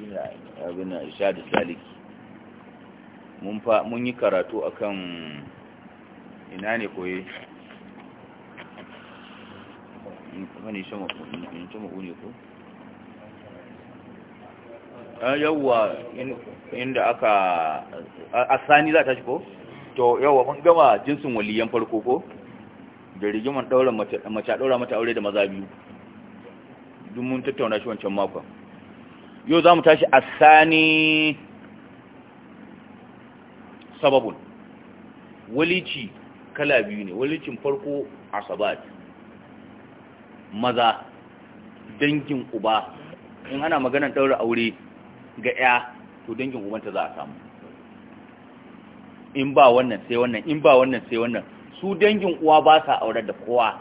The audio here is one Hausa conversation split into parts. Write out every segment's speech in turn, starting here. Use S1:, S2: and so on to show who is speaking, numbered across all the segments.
S1: shine abin irshadus saliki mun fa mun yi karatu akan ina ne koyi wani shama ne shama une ko ah, yawwa inda aka asani za ta shi ko to yawwa mun gama jinsin waliyan farko ko da rigiman daura mace a daura mata aure da maza biyu dun mun tattauna shi wancan makon yau za mu tashi a sani sababun walici kala biyu ne walicin farko sabat maza dangin uba in ana maganar ɗaura aure ga ya to dangin ubanta za a samu in ba wannan sai wannan in ba wannan sai wannan su dangin uwa ba sa aure da kowa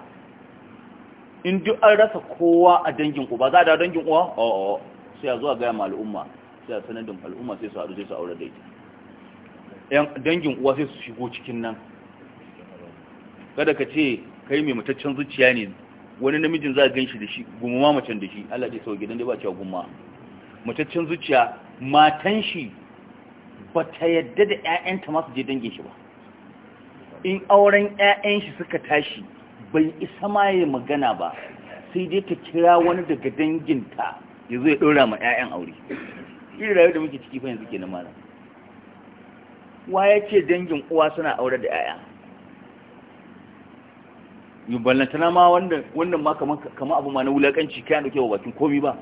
S1: in duk an rasa kowa a dangin uba za a da dangin uwa? o oh, oh, oh. sai a zuwa gaya ma al'umma sai a sanadin al'umma sai su haɗu sai su aure da ita dangin uwa sai su shigo cikin nan kada ka ce kai mai mutaccen zuciya ne wani namijin za a gan shi da shi gumuma macen da shi Allah ya sau gidan da ba cewa gumma mutaccen zuciya matan shi ba ta yadda da 'ya'yanta masu je dangin shi ba in auren 'ya'yan shi suka tashi bai isa ma magana ba sai dai ta kira wani daga danginta ya zo ya ɗora ma 'ya'yan aure irin rayu da muke ciki fa yanzu na mara wa ya ce dangin uwa suna aure da 'ya'ya na ma wannan ma kama abu ma na wulaƙanci kayan dauke ke bakin komi ba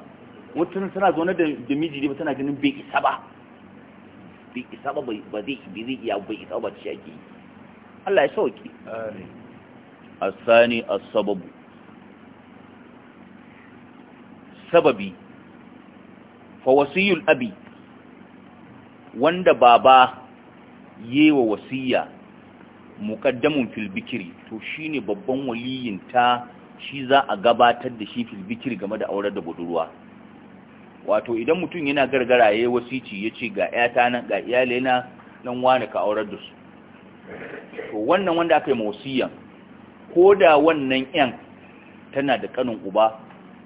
S1: wata tana zaune da miji ne ba tana ganin bai isa ba bai isa ba ba zai iya bai isa ba ci ake yi Allah ya sauki a sababu. sababi fa wasiyul abi wanda baba yewa wasiya muqaddamun fil bikri to shine babban waliyin ta shi za a gabatar da shi fil bikri game da aurar da budurwa wato idan mutum yana gargara yayi wasici yace ga yata nan ga iyalena nan wani ka aurar da su to wannan wanda aka yi wasiya ko da wannan yan tana da kanin uba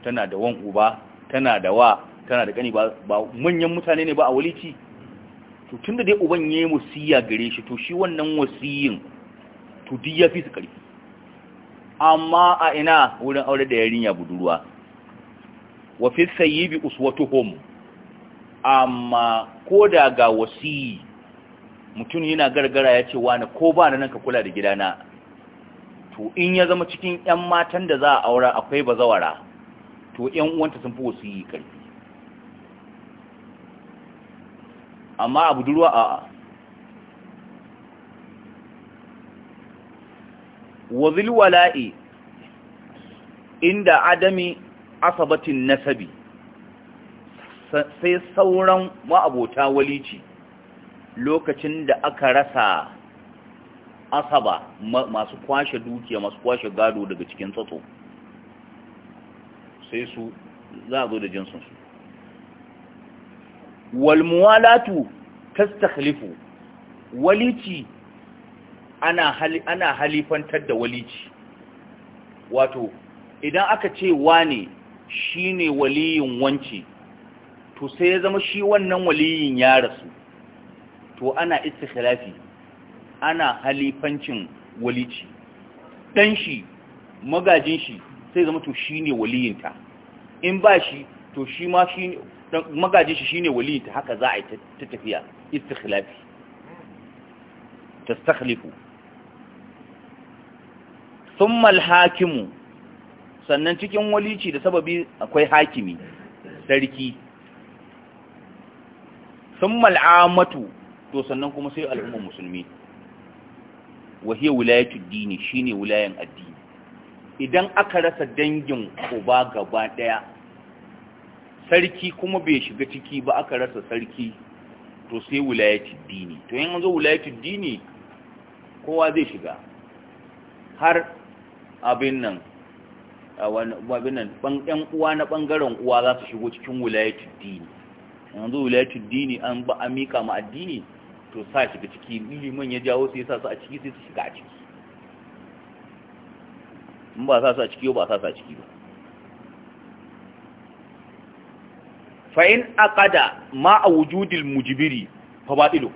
S1: tana da wan uba tana da wa tana da gani ba manyan mutane ne ba a walici to tun da dai uban ya yi wasiya gare shi to shi wannan wasiyin to duk ya fi su ƙarfi amma a ina wurin aure da yarinya budurwa wa fi sayyibi uswatuhum amma ko da ga wasiyi mutum yana gargara ya ce wani ko ba nan ka kula da gidana to in ya zama cikin 'yan matan da za a aura akwai bazawara to 'yan uwanta sun fi wasiyi ƙarfi amma a a a'a wa inda adami asabatin nasabi sai sauran ma'abota walici lokacin da aka rasa asaba masu kwashe dukiya masu kwashe gado daga cikin tsatso sai su za a zo da jinsinsu walmuwalatu tastakhlifu walici ana hali ana halifantar da walici wato idan aka ce Wani shine waliyin wanci to sai ya zama shi wannan waliyin ya rasu to ana istikhlafi ana halifancin walici dan shi magajin shi sai zama to shine waliyinta in ba shi to shi ma shi magaji shi shine wali ta haka za a yi ta tafiya istikhlafi tastakhlifu thumma al-hakimu sannan cikin walici da sababi akwai hakimi sarki thumma al-amatu to sannan kuma sai al'umma musulmi wa hiya wilayatu dini shine wilayan addini idan aka rasa dangin uba gaba daya sarki kuma bai shiga ciki ba aka rasa sarki to sai wilayatul dini to yanzu wilayatul dini kowa zai shiga har abin nan abin nan ɓan uwa na ɓangaren uwa za su shigo cikin wilayatul dini yanzu wilayatul dini an ba a mika ma addini to sa shiga ciki liman ya jawo sai sa su a ciki sai su shiga a ciki in ba sa su a ciki ba sa su a ciki ba fa in aqada ma a wujudil mujibiri fa batilu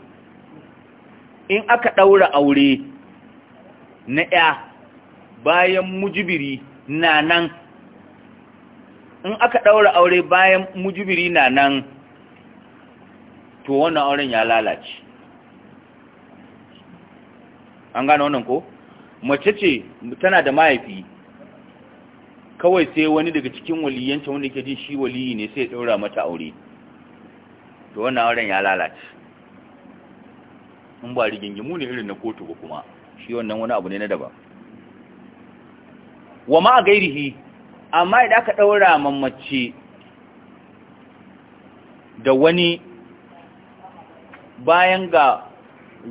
S1: in aka daura aure na ya bayan mujibiri na nan in aka daura aure bayan mujibiri na nan to wannan auren ya lalace an gane wannan ko mace ce tana da mahaifi kawai sai wani daga cikin waliyanta wanda yake jin shi waliyi ne sai ya daura mata aure to wannan auren ya lalace in ba rigingimu ne irin na kotu ba kuma shi wannan wani abu ne na daba. wa ma gairihi amma idan aka daura mamaci da wani bayan ga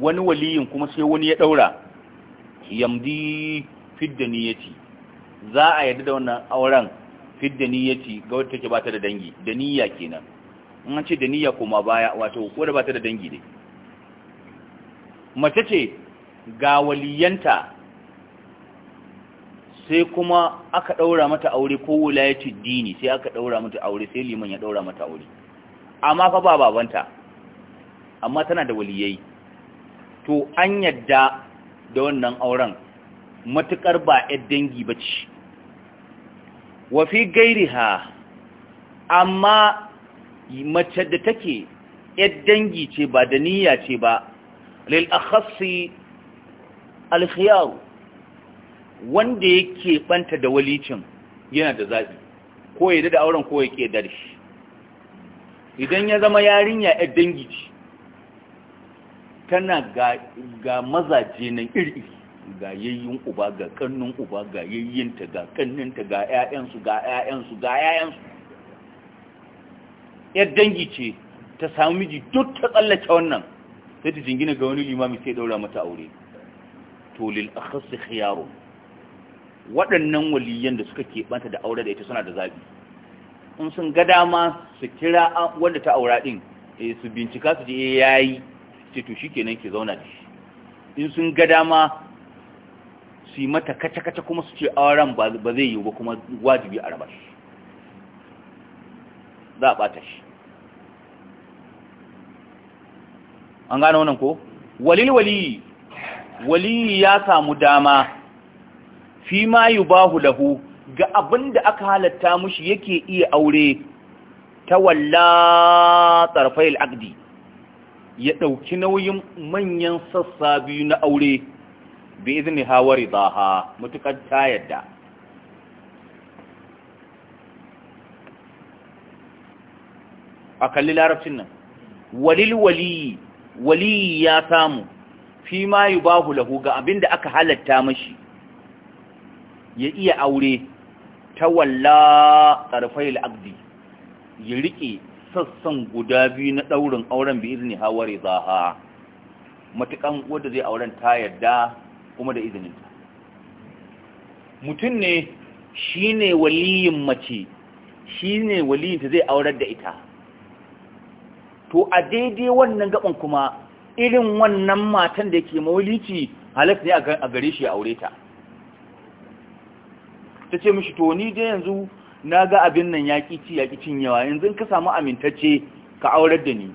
S1: wani waliyin kuma sai wani ya daura yamdi fidda niyyati za a yarda da wannan auren fidda niyyaci ga wata take bata da dangi da niyya kenan in an ce da niyya kuma baya wato ko da bata da dangi ne mace ce ga waliyanta sai kuma aka ɗaura mata aure ko wulayaci dini sai aka ɗaura mata aure sai liman ya ɗaura mata aure amma fa ba babanta amma tana da waliyai to an yadda da wannan auren matukar ba 'yan dangi ba ce wa fi ha, amma mace da take ‘yar dangi ce ba da niyya ce ba, lil'akhassi alkhiyaru wanda yake banta da walicin yana da zaɓi, ko ya da auren ko ya da shi. Idan ya zama yarinya ‘yar dangi ce, tana ga mazaje nan iri-iri. ga yayyin uba ga kannun uba ga yayyinta ga kanninta ga ƴaƴansu ga ƴaƴansu ga ƴaƴansu yar dangi ce ta samu miji duk ta tsallake wannan sai ta jingina ga wani limami sai daura mata aure to lil akhas khiyaru waɗannan waliyan da suka keɓanta da aure da ita suna da zabi in sun ga dama su kira wanda ta aura din eh su bincika su je eh, yayi ce to shikenan ki zauna da shi in sun ga dama su yi mata kace-kace kuma su ce auren ba zai yi ba kuma wajibi a raba za a ɓata shi an gano wannan ko walil wali wali ya samu dama fi ma yubahu lahu ga da aka halatta mushi yake iya aure ta walla tsarfai al'adi ya ɗauki nauyin manyan sassa biyu na aure bi izini hawari mutukar ta yadda a kalli larabcin nan walil waliyi waliyi ya samu fi ma yi bahu lahu ga abinda aka halatta mashi ya iya aure ta walla ƙarfai al'abdi ya riƙe sassan guda biyu na ɗaurin auren bi izini hawari matukan wadda zai auren ta yadda kuma da izininta mutum ne shi ne waliyin mace shi ne waliyinta zai aurar da ita to a daidai wannan gaban kuma irin wannan matan da ke mawalici halatta ne a gare shi aure ta ta ce mishi to ni dai yanzu na ga abin nan ya ci ya yawa yanzu ka samu amintacce ka aurar da ni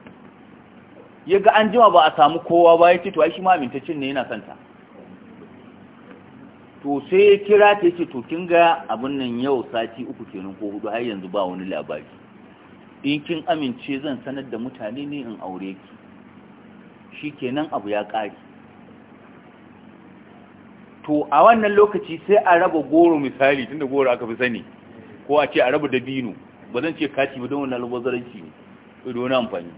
S1: ya ga an jima ba a samu kowa ba ya ce to ai shi ma amintaccen ne yana santa to sai ya kira ta ce to kin ga abin nan yau sati uku kenan ko hudu har yanzu ba wani labari in kin amince zan sanar da mutane ne in aure ki shikenan abu ya kare to a wannan lokaci sai a raba goro misali tunda goro aka fi sani ko a ce a raba dabino ba zan ce kaci ba don wannan albazaranci ne don amfani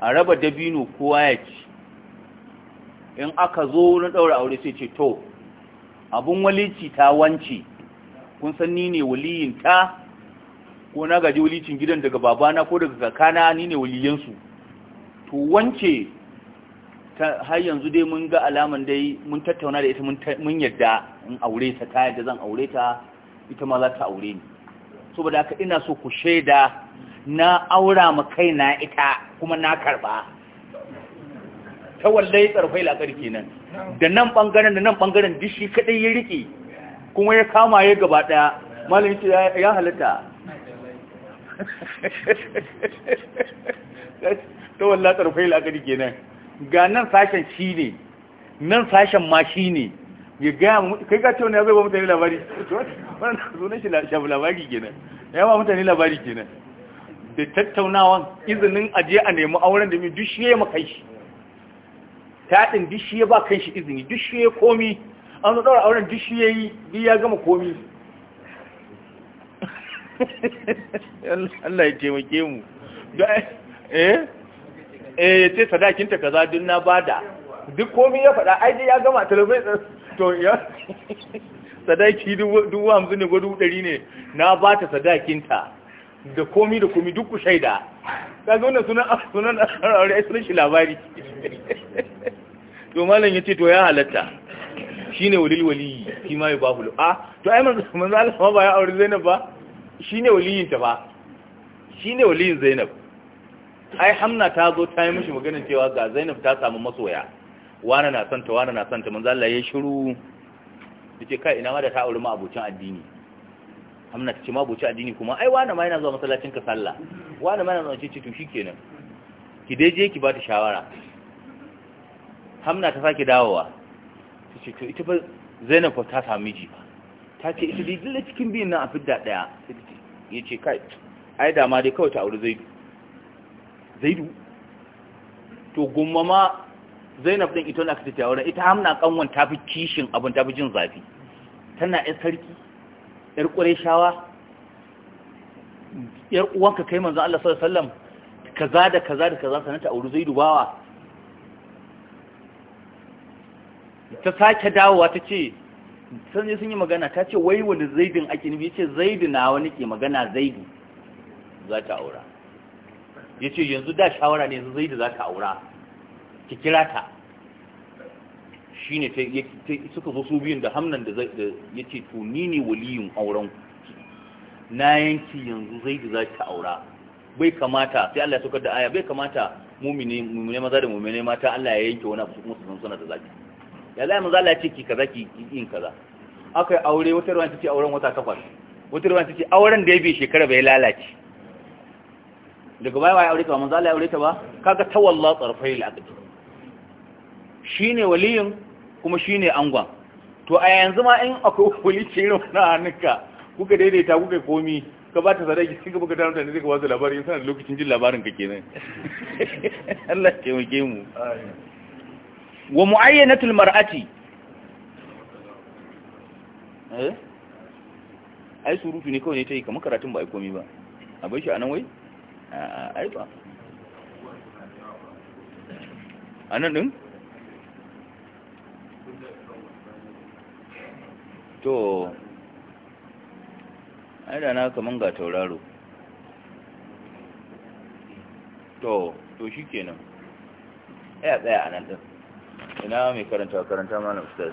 S1: a raba dabino kowa ya ci in aka zo na daura aure sai ce to abun walici ta wance kun san ni ne waliyin ta ko na gaji walicin gidan daga babana ko daga kakana ni ne waliyansu to wance har yanzu dai mun ga alaman dai mun tattauna da ita mun yadda in aure ta ta yadda zan aure ta ita ma za ta aure ni da haka ina so ku shaida na aura ma na ita kuma na karba ta wallai tsarfai lakar kenan da nan bangaren da nan bangaren duk shi kadai ya rike kuma ya kama ya gaba daya shi ya halitta ta wallai tsarfai lakar kenan ga nan sashen shi ne nan sashen ma shi ne ya gaya kai ka ce ya zai ba mutane labari wannan sunan shi shafi labari kenan ya ba mutane labari kenan da tattaunawan izinin aje a nemi auren da mai dushe makai shi taɗin duk ba kan shi izini duk komi an zo auren duk ya yi ya gama komi Allah ya taimake mu eh eh ce sadakinta kaza duk na bada duk komi ya faɗa ai dai ya gama talabijin to ya sadaki dubu hamsin ne gudu ne na ba ta da komi da komi duk ku shaida ka zo na sunan aure sunan shi labari to malam ya ce to ya halatta shine walil waliyi shi ma hulu a to ai manzo Allah ma ba ya aure Zainab ba shine waliyin ta ba shine waliyin Zainab ai Hamna ta zo ta yi mishi maganar cewa ga Zainab ta samu masoya wani na son ta wani na son ta manzo Allah ya shiru yace kai ina ma da ta aure ma abocin addini Hamna ta ce ma abocin addini kuma ai wani ma yana zuwa masallacin ka sallah wani ma yana zuwa ce to shikenan ki dai je ki ba ta shawara hamna ta sake dawowa ta ce to ita ba zainab ta sami miji ba ta ce ita dai dillar cikin biyun nan a fidda ɗaya ya ce kai ai dama dai kawai ta auri zaidu zaidu to gumma ma zainab ɗin ita wani aka ta auren ita hamna kanwan ta fi kishin abin ta fi jin zafi tana yan sarki yar ƙure shawa yar uwanka kai manzo Allah sallallahu alaihi wasallam kaza da kaza da kaza sanata auri zaidu bawa ta sake dawowa ta ce sun yi sun yi magana ta ce wai wani zaidin ake nufi ya ce zaidi na wani ke magana zaidi za ta aura ya ce yanzu da shawara ne yanzu zaidi za ta aura ki kira ta shi ne suka zo su biyun da hamnan da ya ce to ni ne waliyun auren na yanki yanzu zaidi za ta aura bai kamata sai Allah ya saukar da aya bai kamata mumine maza da mumine mata Allah ya yanke wani abu kuma su zan suna da zaki ya zai manzo Allah ya ki kaza ki yin kaza aka yi aure wata ruwan ce auren wata takwas wata ruwan ce auren da ya bi shekara bai lalace daga baya wai aure ta ba manzo aure ta ba kaga tawalla tsarfai al shine waliyin kuma shine angon to a yanzu ma in akwai wali ce irin na hannuka kuka daidaita kuka komi ka ba ta sadaki sai ka buga ta mutane zai ka ba su labari yana da lokacin jin labarin ka kenan Allah mu taimake mu wa mu'ayyanatul mar'ati eh ai surutu ne kawai ne ta yi kamar karatun ba ai komi ba a bai shi a nan wai ai ba a nan ɗin to ai da na kaman ga tauraro to to shi kenan a tsaya a nan ina mai karanta karanta malam ustaz